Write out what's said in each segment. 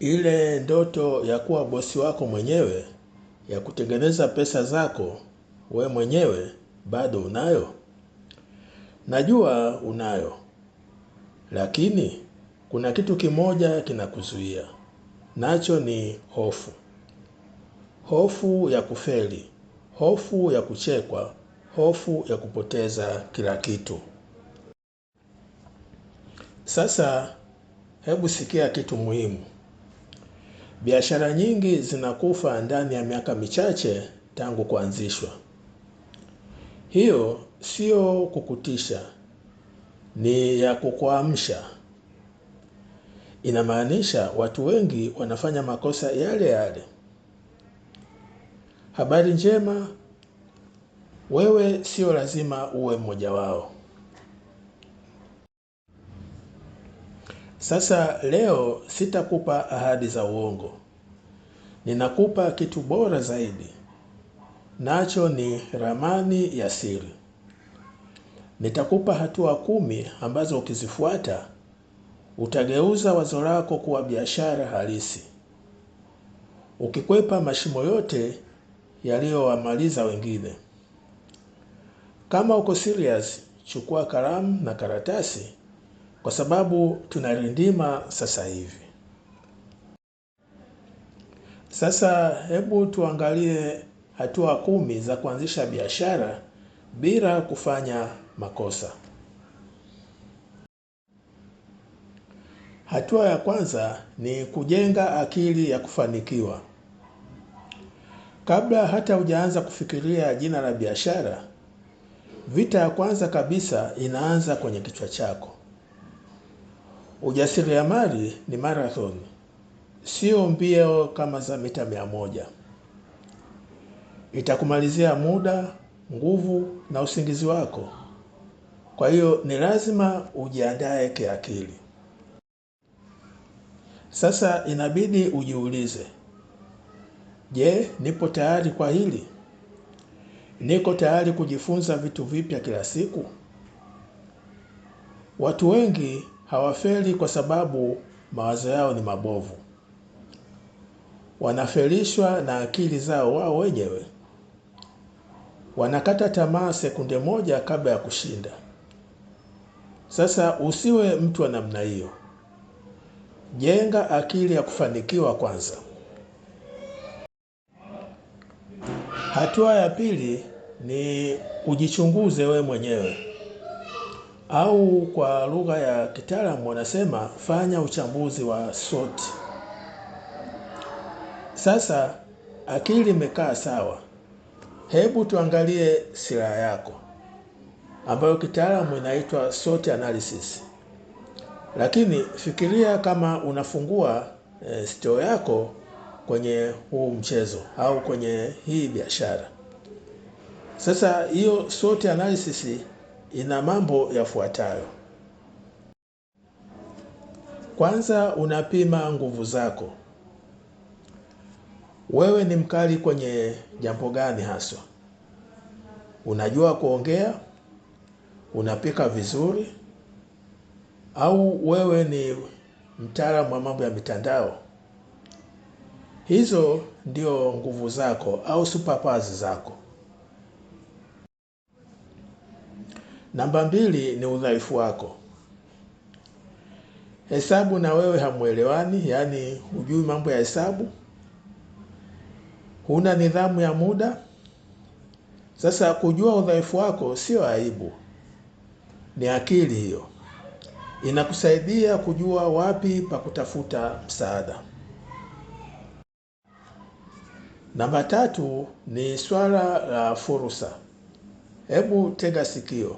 Ile ndoto ya kuwa bosi wako mwenyewe, ya kutengeneza pesa zako we mwenyewe, bado unayo? Najua unayo, lakini kuna kitu kimoja kinakuzuia, nacho ni hofu. Hofu ya kufeli, hofu ya kuchekwa, hofu ya kupoteza kila kitu. Sasa hebu sikia kitu muhimu. Biashara nyingi zinakufa ndani ya miaka michache tangu kuanzishwa. Hiyo sio kukutisha, ni ya kukuamsha. Inamaanisha watu wengi wanafanya makosa yale yale. Habari njema, wewe sio lazima uwe mmoja wao. Sasa leo sitakupa ahadi za uongo, ninakupa kitu bora zaidi, nacho ni ramani ya siri. Nitakupa hatua kumi ambazo ukizifuata utageuza wazo lako kuwa biashara halisi, ukikwepa mashimo yote yaliyowamaliza wengine. Kama uko serious, chukua kalamu na karatasi kwa sababu tunarindima sasa hivi. Sasa hebu tuangalie hatua kumi za kuanzisha biashara bila kufanya makosa. Hatua ya kwanza ni kujenga akili ya kufanikiwa. Kabla hata hujaanza kufikiria jina la biashara, vita ya kwanza kabisa inaanza kwenye kichwa chako. Ujasiriamali ni marathon, sio mbio kama za mita mia moja. Itakumalizia muda, nguvu na usingizi wako. Kwa hiyo ni lazima ujiandae kiakili. Sasa inabidi ujiulize, je, nipo tayari kwa hili? Niko tayari kujifunza vitu vipya kila siku? Watu wengi Hawafeli kwa sababu mawazo yao ni mabovu, wanafelishwa na akili zao wao wenyewe. Wanakata tamaa sekunde moja kabla ya kushinda. Sasa usiwe mtu wa namna hiyo, jenga akili ya kufanikiwa kwanza. Hatua ya pili ni ujichunguze wewe mwenyewe au kwa lugha ya kitaalamu wanasema fanya uchambuzi wa SWOT. Sasa akili imekaa sawa, hebu tuangalie silaha yako ambayo kitaalamu inaitwa SWOT analysis. Lakini fikiria kama unafungua e, store yako kwenye huu mchezo au kwenye hii biashara. Sasa hiyo SWOT analysis ina mambo yafuatayo. Kwanza, unapima nguvu zako. Wewe ni mkali kwenye jambo gani haswa? Unajua kuongea? Unapika vizuri? Au wewe ni mtaalamu wa mambo ya mitandao? Hizo ndio nguvu zako au superpowers zako. Namba mbili ni udhaifu wako. Hesabu na wewe hamwelewani, yaani hujui mambo ya hesabu, huna nidhamu ya muda. Sasa kujua udhaifu wako sio aibu, ni akili hiyo inakusaidia kujua wapi pa kutafuta msaada. Namba tatu ni swala la fursa. Hebu tega sikio.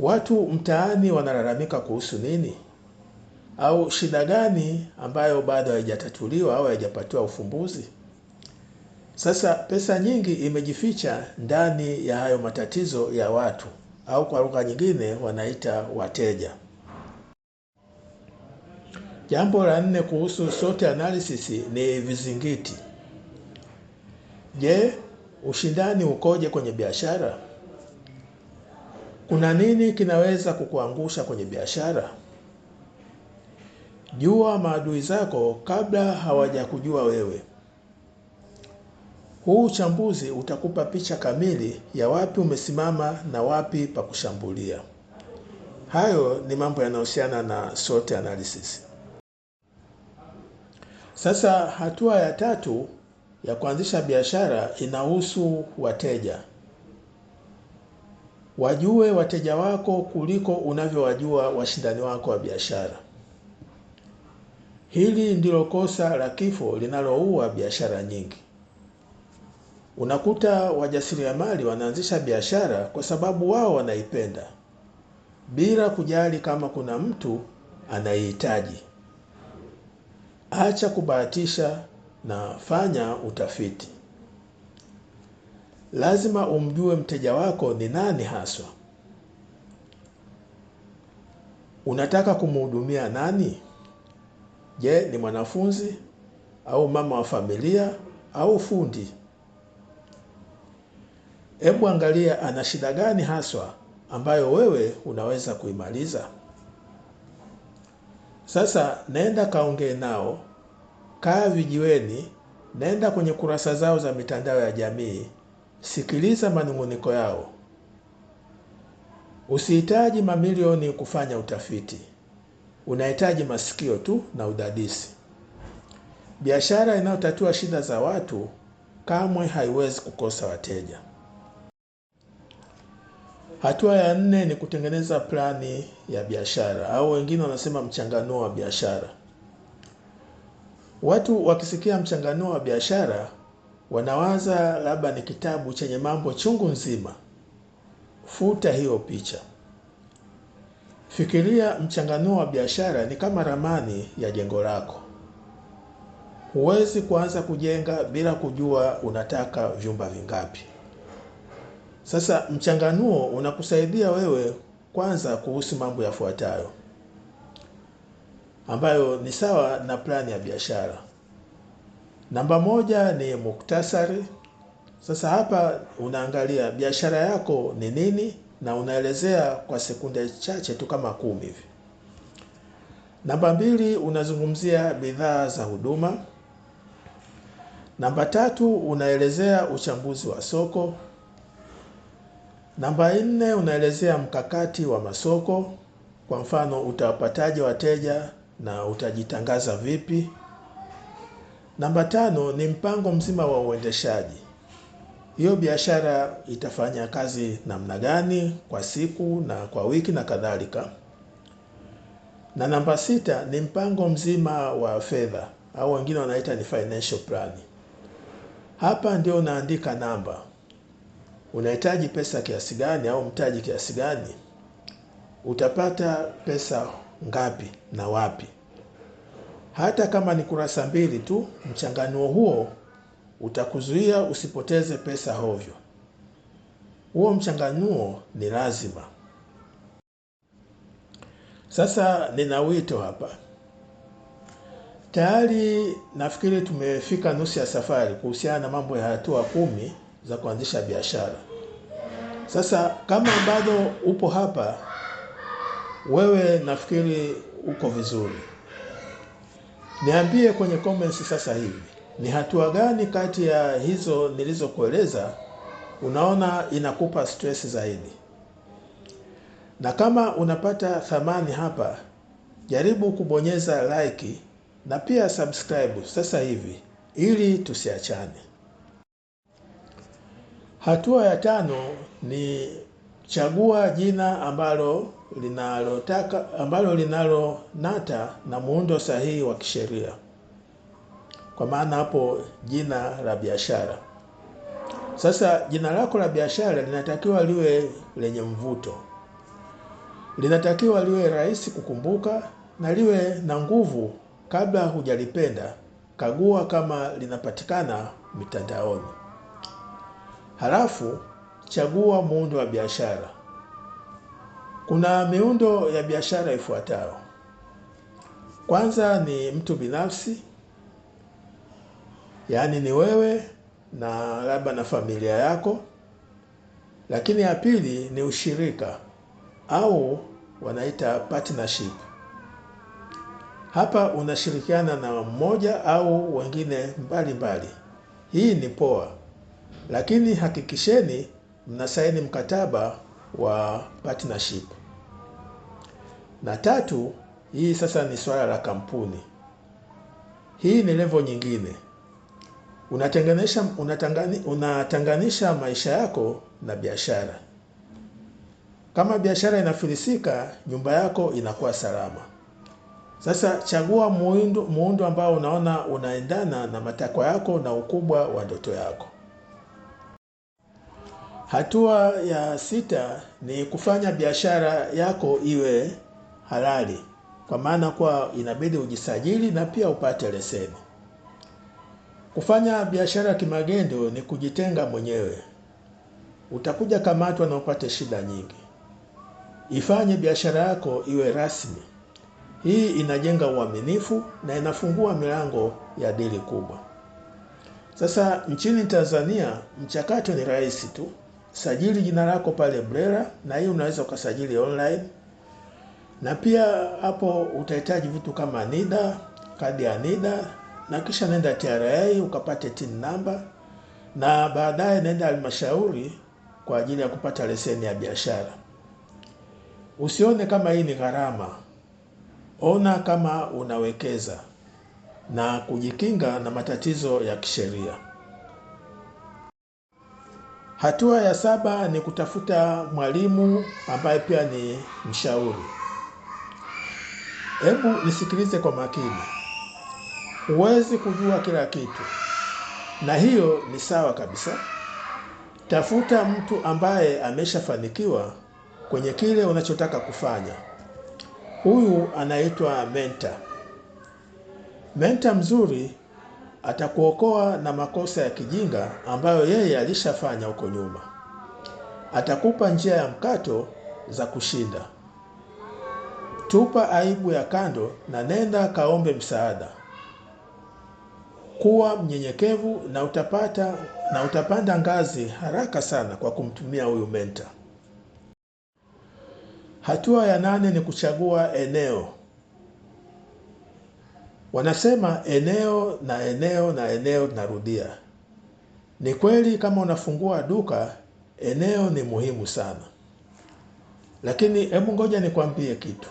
Watu mtaani wanalalamika kuhusu nini? Au shida gani ambayo bado haijatatuliwa au haijapatiwa ufumbuzi? Sasa pesa nyingi imejificha ndani ya hayo matatizo ya watu au kwa lugha nyingine wanaita wateja. Jambo la nne kuhusu sote analysis ni vizingiti. Je, ushindani ukoje kwenye biashara? Kuna nini kinaweza kukuangusha kwenye biashara? Jua maadui zako kabla hawajakujua wewe. Huu uchambuzi utakupa picha kamili ya wapi umesimama na wapi pa kushambulia. Hayo ni mambo yanayohusiana na SWOT analysis. Sasa hatua ya tatu ya kuanzisha biashara inahusu wateja wajue wateja wako kuliko unavyowajua washindani wako wa biashara. Hili ndilo kosa la kifo linaloua biashara nyingi. Unakuta wajasiriamali wanaanzisha biashara kwa sababu wao wanaipenda bila kujali kama kuna mtu anaihitaji. Acha kubahatisha na fanya utafiti lazima umjue mteja wako ni nani haswa. Unataka kumhudumia nani? Je, ni mwanafunzi au mama wa familia au fundi? Hebu angalia ana shida gani haswa ambayo wewe unaweza kuimaliza. Sasa naenda kaongee nao, kaa vijiweni, naenda kwenye kurasa zao za mitandao ya jamii Sikiliza manung'uniko yao. Usihitaji mamilioni kufanya utafiti, unahitaji masikio tu na udadisi. Biashara inayotatua shida za watu kamwe haiwezi kukosa wateja. Hatua ya nne ni kutengeneza plani ya biashara au wengine wanasema mchanganuo wa biashara. Watu wakisikia mchanganuo wa biashara wanawaza labda ni kitabu chenye mambo chungu nzima. Futa hiyo picha. Fikiria mchanganuo wa biashara ni kama ramani ya jengo lako. Huwezi kuanza kujenga bila kujua unataka vyumba vingapi. Sasa mchanganuo unakusaidia wewe kwanza kuhusu mambo yafuatayo ambayo ni sawa na plani ya biashara. Namba moja ni muktasari. Sasa hapa unaangalia biashara yako ni nini na unaelezea kwa sekunde chache tu kama kumi hivi. Namba mbili unazungumzia bidhaa za huduma. Namba tatu unaelezea uchambuzi wa soko. Namba nne unaelezea mkakati wa masoko, kwa mfano utawapataje wateja na utajitangaza vipi. Namba tano ni mpango mzima wa uendeshaji. Hiyo biashara itafanya kazi namna gani kwa siku na kwa wiki na kadhalika. Na namba sita ni mpango mzima wa fedha au wengine wanaita ni financial plan. Hapa ndio unaandika namba, unahitaji pesa kiasi gani au mtaji kiasi gani, utapata pesa ngapi na wapi. Hata kama ni kurasa mbili tu, mchanganuo huo utakuzuia usipoteze pesa hovyo. Huo mchanganuo ni lazima. Sasa nina wito hapa. Tayari nafikiri tumefika nusu ya safari kuhusiana na mambo ya hatua kumi za kuanzisha biashara. Sasa kama bado upo hapa, wewe nafikiri uko vizuri. Niambie kwenye comments sasa hivi ni hatua gani kati ya hizo nilizokueleza unaona inakupa stress zaidi? Na kama unapata thamani hapa, jaribu kubonyeza like na pia subscribe sasa hivi ili tusiachane. Hatua ya tano ni chagua jina ambalo linalotaka ambalo linalonata na muundo sahihi wa kisheria, kwa maana hapo jina la biashara. Sasa jina lako la biashara linatakiwa liwe lenye mvuto, linatakiwa liwe rahisi kukumbuka na liwe na nguvu. Kabla hujalipenda, kagua kama linapatikana mitandaoni, halafu chagua muundo wa biashara. Kuna miundo ya biashara ifuatayo. Kwanza ni mtu binafsi, yaani ni wewe na labda na familia yako. Lakini ya pili ni ushirika au wanaita partnership. Hapa unashirikiana na mmoja au wengine mbalimbali mbali. Hii ni poa, lakini hakikisheni mnasaini mkataba wa partnership. Na tatu, hii sasa ni swala la kampuni. Hii ni level nyingine, unatenganisha unatangani, unatanganisha maisha yako na biashara. Kama biashara inafilisika, nyumba yako inakuwa salama. Sasa chagua muundo, muundo ambao unaona unaendana na matakwa yako na ukubwa wa ndoto yako. Hatua ya sita ni kufanya biashara yako iwe halali, kwa maana kuwa inabidi ujisajili na pia upate leseni. Kufanya biashara ya kimagendo ni kujitenga mwenyewe, utakuja kamatwa na upate shida nyingi. Ifanye biashara yako iwe rasmi. Hii inajenga uaminifu na inafungua milango ya dili kubwa. Sasa nchini Tanzania mchakato ni rahisi tu, sajili jina lako pale BRELA, na hii unaweza ukasajili online na pia hapo utahitaji vitu kama NIDA, kadi ya NIDA na kisha nenda TRA ukapate TIN namba na baadaye nenda halmashauri kwa ajili ya kupata leseni ya biashara. Usione kama hii ni gharama, ona kama unawekeza na kujikinga na matatizo ya kisheria. Hatua ya saba ni kutafuta mwalimu ambaye pia ni mshauri. Hebu nisikilize kwa makini. Huwezi kujua kila kitu, na hiyo ni sawa kabisa. Tafuta mtu ambaye ameshafanikiwa kwenye kile unachotaka kufanya. Huyu anaitwa mentor. Mentor mzuri atakuokoa na makosa ya kijinga ambayo yeye alishafanya huko nyuma. Atakupa njia ya mkato za kushinda tupa aibu ya kando na nenda kaombe msaada. Kuwa mnyenyekevu na utapata na utapanda ngazi haraka sana kwa kumtumia huyu menta. Hatua ya nane ni kuchagua eneo. Wanasema eneo na eneo na eneo narudia. Ni kweli kama unafungua duka, eneo ni muhimu sana. Lakini hebu ngoja nikwambie kitu.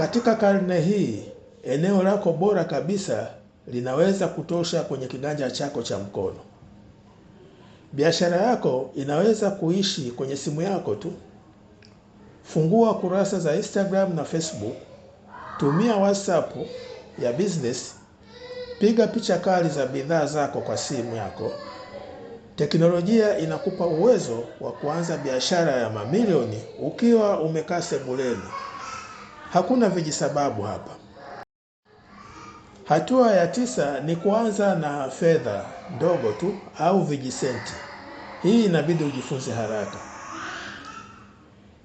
Katika karne hii, eneo lako bora kabisa linaweza kutosha kwenye kiganja chako cha mkono. Biashara yako inaweza kuishi kwenye simu yako tu. Fungua kurasa za Instagram na Facebook, tumia WhatsApp ya business, piga picha kali za bidhaa zako kwa simu yako. Teknolojia inakupa uwezo wa kuanza biashara ya mamilioni ukiwa umekaa sebuleni. Hakuna vijisababu hapa. Hatua ya tisa ni kuanza na fedha ndogo tu au vijisenti. Hii inabidi ujifunze haraka.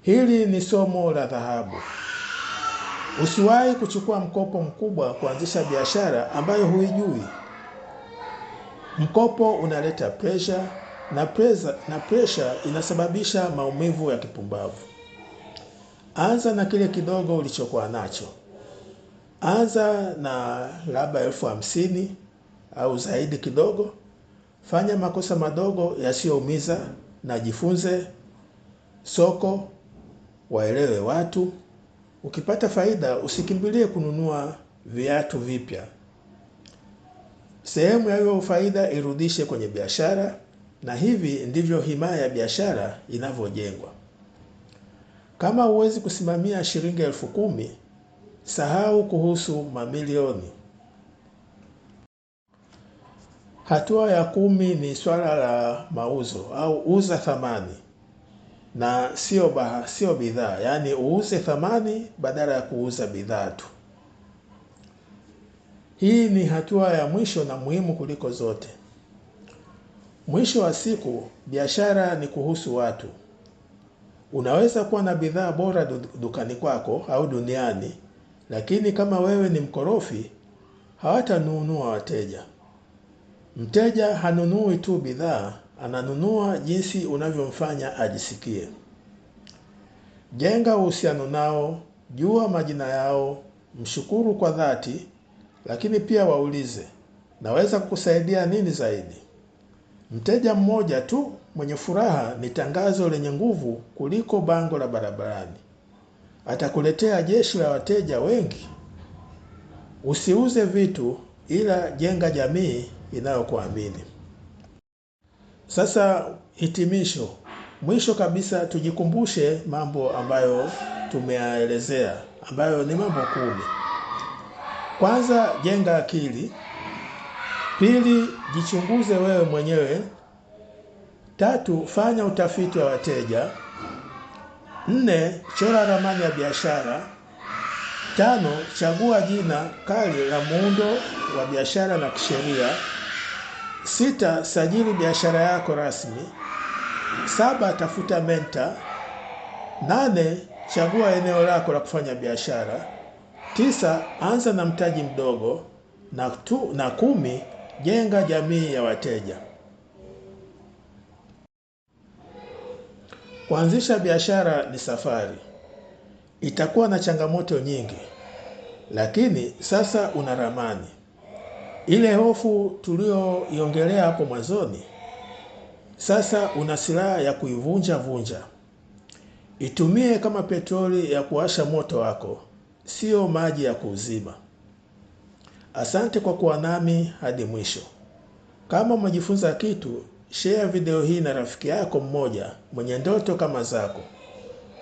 Hili ni somo la dhahabu. Usiwahi kuchukua mkopo mkubwa kuanzisha biashara ambayo huijui. Mkopo unaleta presha na presha, na presha inasababisha maumivu ya kipumbavu. Anza na kile kidogo ulichokuwa nacho. Anza na labda elfu hamsini au zaidi kidogo. Fanya makosa madogo yasiyoumiza na jifunze soko, waelewe watu. Ukipata faida, usikimbilie kununua viatu vipya. Sehemu ya hiyo faida irudishe kwenye biashara, na hivi ndivyo himaya ya biashara inavyojengwa. Kama huwezi kusimamia shilingi elfu kumi, sahau kuhusu mamilioni. Hatua ya kumi ni swala la mauzo au uza thamani na sio baha, sio bidhaa, yaani uuze thamani badala ya kuuza bidhaa tu. Hii ni hatua ya mwisho na muhimu kuliko zote. Mwisho wa siku, biashara ni kuhusu watu. Unaweza kuwa na bidhaa bora dukani kwako au duniani, lakini kama wewe ni mkorofi, hawatanunua wateja. Mteja hanunui tu bidhaa, ananunua jinsi unavyomfanya ajisikie. Jenga uhusiano nao, jua majina yao, mshukuru kwa dhati, lakini pia waulize, naweza kukusaidia nini zaidi? Mteja mmoja tu mwenye furaha ni tangazo lenye nguvu kuliko bango la barabarani. Atakuletea jeshi la wateja wengi. Usiuze vitu, ila jenga jamii inayokuamini. Sasa hitimisho, mwisho kabisa, tujikumbushe mambo ambayo tumeyaelezea, ambayo ni mambo kumi. Kwanza, jenga akili. Pili, jichunguze wewe mwenyewe Tatu, fanya utafiti wa wateja. Nne, chora ramani ya biashara. Tano, chagua jina kali la muundo wa biashara na kisheria. Sita, sajili biashara yako rasmi. Saba, tafuta menta. Nane, chagua eneo lako la kufanya biashara. Tisa, anza na mtaji mdogo na, tu, na kumi, jenga jamii ya wateja. Kuanzisha biashara ni safari. Itakuwa na changamoto nyingi, lakini sasa una ramani. Ile hofu tuliyoiongelea hapo mwanzoni, sasa una silaha ya kuivunja vunja. Itumie kama petroli ya kuwasha moto wako, sio maji ya kuuzima. Asante kwa kuwa nami hadi mwisho. Kama umejifunza kitu, share video hii na rafiki yako mmoja mwenye ndoto kama zako.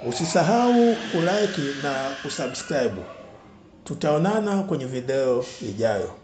Usisahau kulike na kusubscribe. Tutaonana kwenye video ijayo.